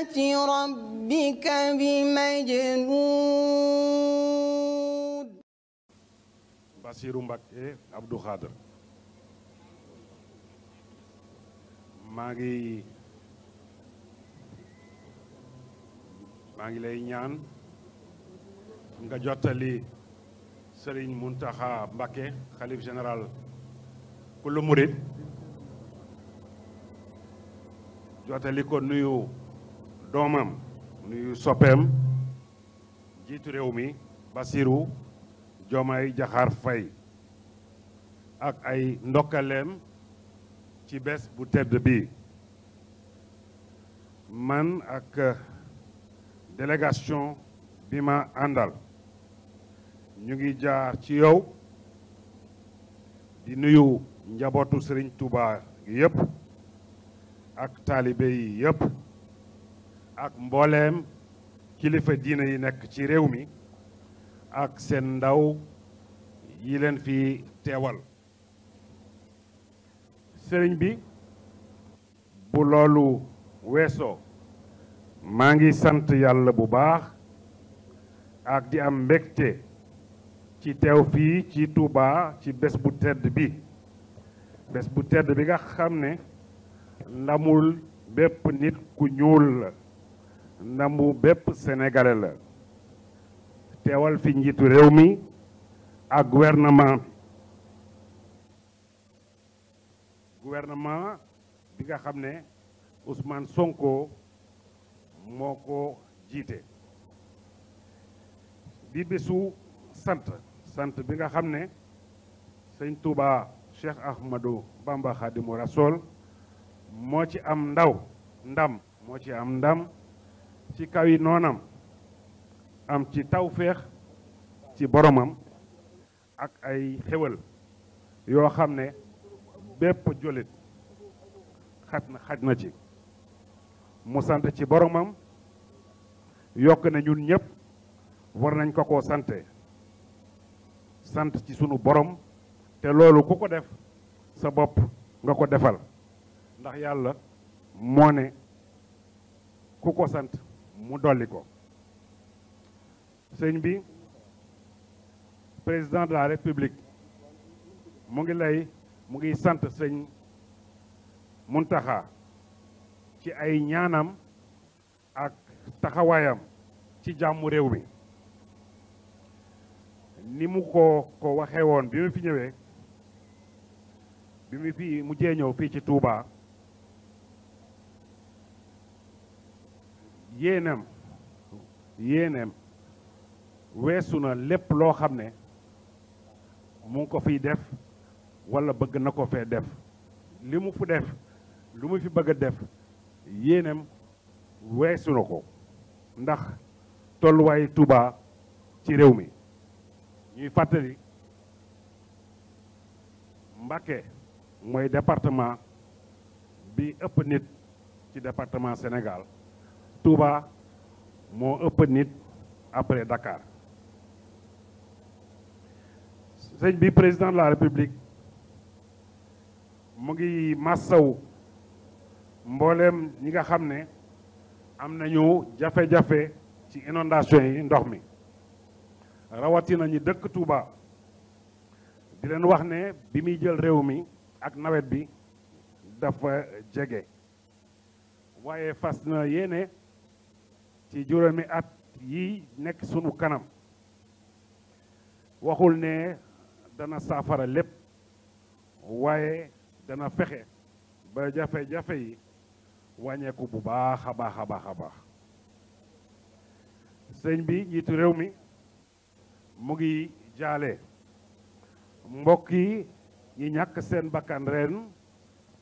رحمة ربك بمجنون بصير مبكي عبد القادر maa ngi lay ñaan nga jottali Serigne Mountakha Mbacké xalif général kullu murid jottali nuyu doomam nuyu soppeem jiitu réew mi basiru Diomaye Diakhar Faye ak ay ndokkaleem ci bés bu tedd bi man ak eh, délégation bi ma àndal ñu ngi jaar ci yow di nuyu njabootu Serigne Touba gi yëpp ak taalibe yi yëpp ak mbooleem kilifa diina yi nekk ci réew mi ak seen ndaw yi leen fi teewal sëriñ bi bu loolu weesoo maa ngi sant yàlla bu baax ak di am mbégte ci teew fii ci Touba ci bés bu tedd bi bés bu tedd bi nga xam ne ndamul bépp nit ku ñuul la ndam ndamu bépp sénégalais la teewal fi njiitu réew mi ak gouvernement gouvernement bi nga xam ne Ousmane Sonko moo ko jiite di bésu sant sant bi nga xam ne sëñ Touba Cheikh Ahmadou Bamba Khadimu Rasol moo ci am ndaw ndam moo ci am ndam ci kaw yi noonam am ci tawféex ci boromam ak ay xéwal yoo xam ne bépp jullit xaj na xaj na ci mu sant ci boromam yokk na ñun ñëpp war nañ ko koo sante sant ci sunu borom te loolu ku ko def sa bopp nga ko defal ndax yàlla moo ne ku ko sant mu dolli ko sëñ bi président de la république mu ngi lay mu ngi sant sëñ Muntaxa ci ay ñaanam ak taxawaayam ci jàmmu réew mi ni mu ko ko waxee woon bi mu fi ñëwee bi mu fi mu jee ñëw fii ci tuubaa yéeneem yéeneem weesu na lépp loo xam ne mu ngi ko fiy def walla bëgg na ko fee def li mu fu def lu mu fi bëgg a def yéeneem weesu na ko ndax tolluwaayu tubaa ci réew mi ñuy fàttali mbake mooy département bi ëpp nit ci département senegal Touba moo ëpp nit après Dakar sëñ bi président de la République mu ngi massaw mbooleem ñi nga xam ne am nañu jafe-jafe ci inondation yi ndox mi na ñi dëkk Touba di leen wax ne bi muy jël réew mi ak nawet bi dafa jege waaye fas na yéene ci juróomi at yi nekk sunu kanam waxul ne dana saafara lépp waaye dana fexe ba jafe-jafe yi wàññeeku bu baax a baax a baax a baax sëñ bi njiitu réew mi mu ngi jaale mbokk yi ñi ñàkk seen bakkan ren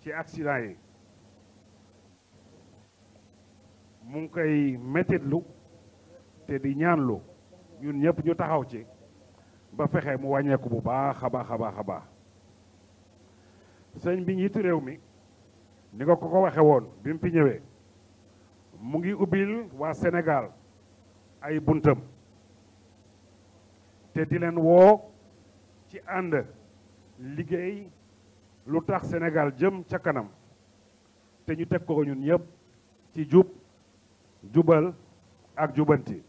ci accident yi mu ngi koy métitlu te di ñaanlu ñëpp ñu taxaw ci ba fexe mu wàññeeku bu baax a baax a baax a baax sëñ bi njiitu réew mi ni ko ko waxe woon bi fi ñëwee mu ngi ubbil waa Sénégal ay buntam te di leen woo ci ànd liggéey lu tax Sénégal jëm ca kanam te ñu teg ko ñun ñëpp ci jub jubal ak jubanti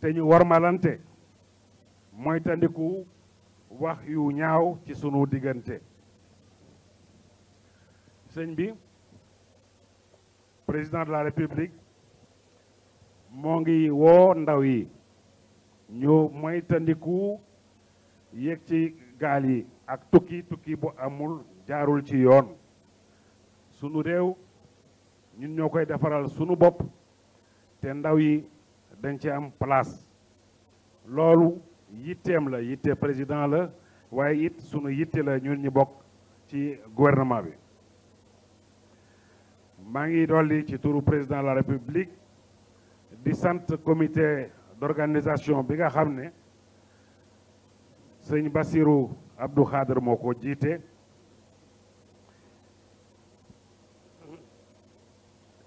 te ñu warmalante moytandiku wax yu ñaaw ci sunu diggante sëñ bi président de la république moo ngi woo ndaw yi ñu moytandiku yéeg ci gaal yi ak tukki tukki bu amul jaarul ci yoon sunu réew ñun ñoo koy defaral sunu bopp te ndaw yi dañ ci am place loolu yitteem la yitte président la waaye it sunu yitte la ñun ñi bokk ci gouvernement bi maa ngi dolli ci turu président la république di sant comité d'organisation bi nga xam ne sëñ Bassirou Abdou Khader moo ko jiite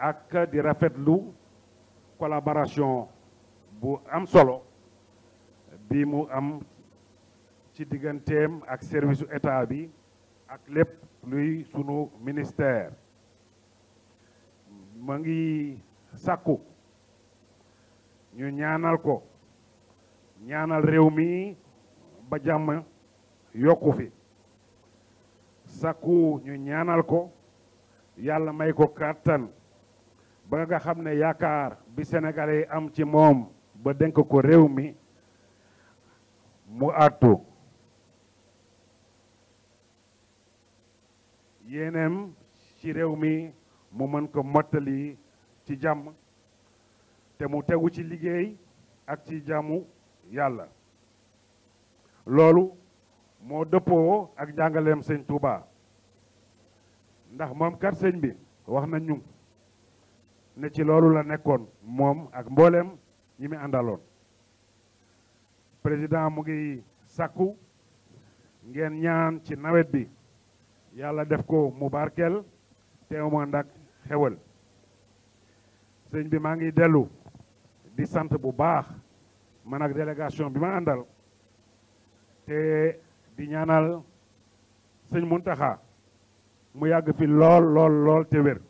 ak di rafetlu collaboration bu am solo bi mu am ci digganteem ak service su état bi ak lépp luy sunu ministère ma ngi sakku ñu ñaanal ko ñaanal réew mi ba jàmm yokku fi sàkku ñu ñaanal ko yàlla may ko kàttan ba nga xam ne yaakaar bi sénégalais yi am ci moom ba dénk ko réew mi mu attu yéeneem ci réew mi mu mën ko mottali ci jàmm te mu tegu ci liggéey ak ci jàmmu yàlla loolu moo dëppoo ak jàngaleem sëñ Touba ndax moom kat sëñ bi wax na ñu ne ci loolu la nekkoon moom ak mbooleem ñi mu àndaloon président mu ngi sakku ngeen ñaan ci nawet bi yàlla def ko mu barkeel teemu ànd ak xewal sëñ bi maa ngi dellu di sant bu baax man ak délégation bi ma àndal te di ñaanal sëñ Muntaxa mu yàgg fi lool lool lool te wér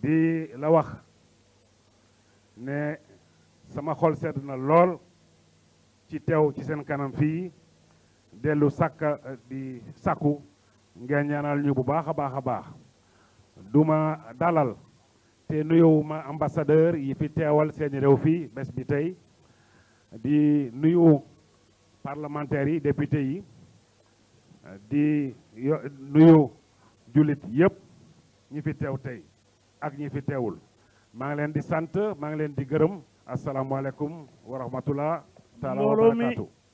di la wax ne sama xol sedd na lool ci teew ci seen kanam fii dellu sàkka di sàkku ngeen ñaanal ñu bu baax a baax a baax duma dalal te nuyuwuma ambassadeur yi fi teewal seeni réew fii bés bi tey di nuyu parlementaires yi député yi di nuyu jullit yépp ñi fi teew tey ak ñi fi teewul maa ngi leen di sant maa ngi leen di gërëm asalaamaaleykum wa rahmatullah taala wa barakaatu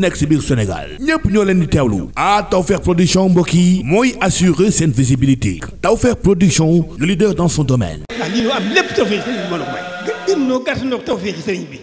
nekk si biir Sénégal ñépp ñoo leen di teewlu ah Tawfekh production mbokk yi mooy assurer seen visibilité Tawfekh production le leader dans son domaine. Ah, am lépp Tawfekh sëriñ bi.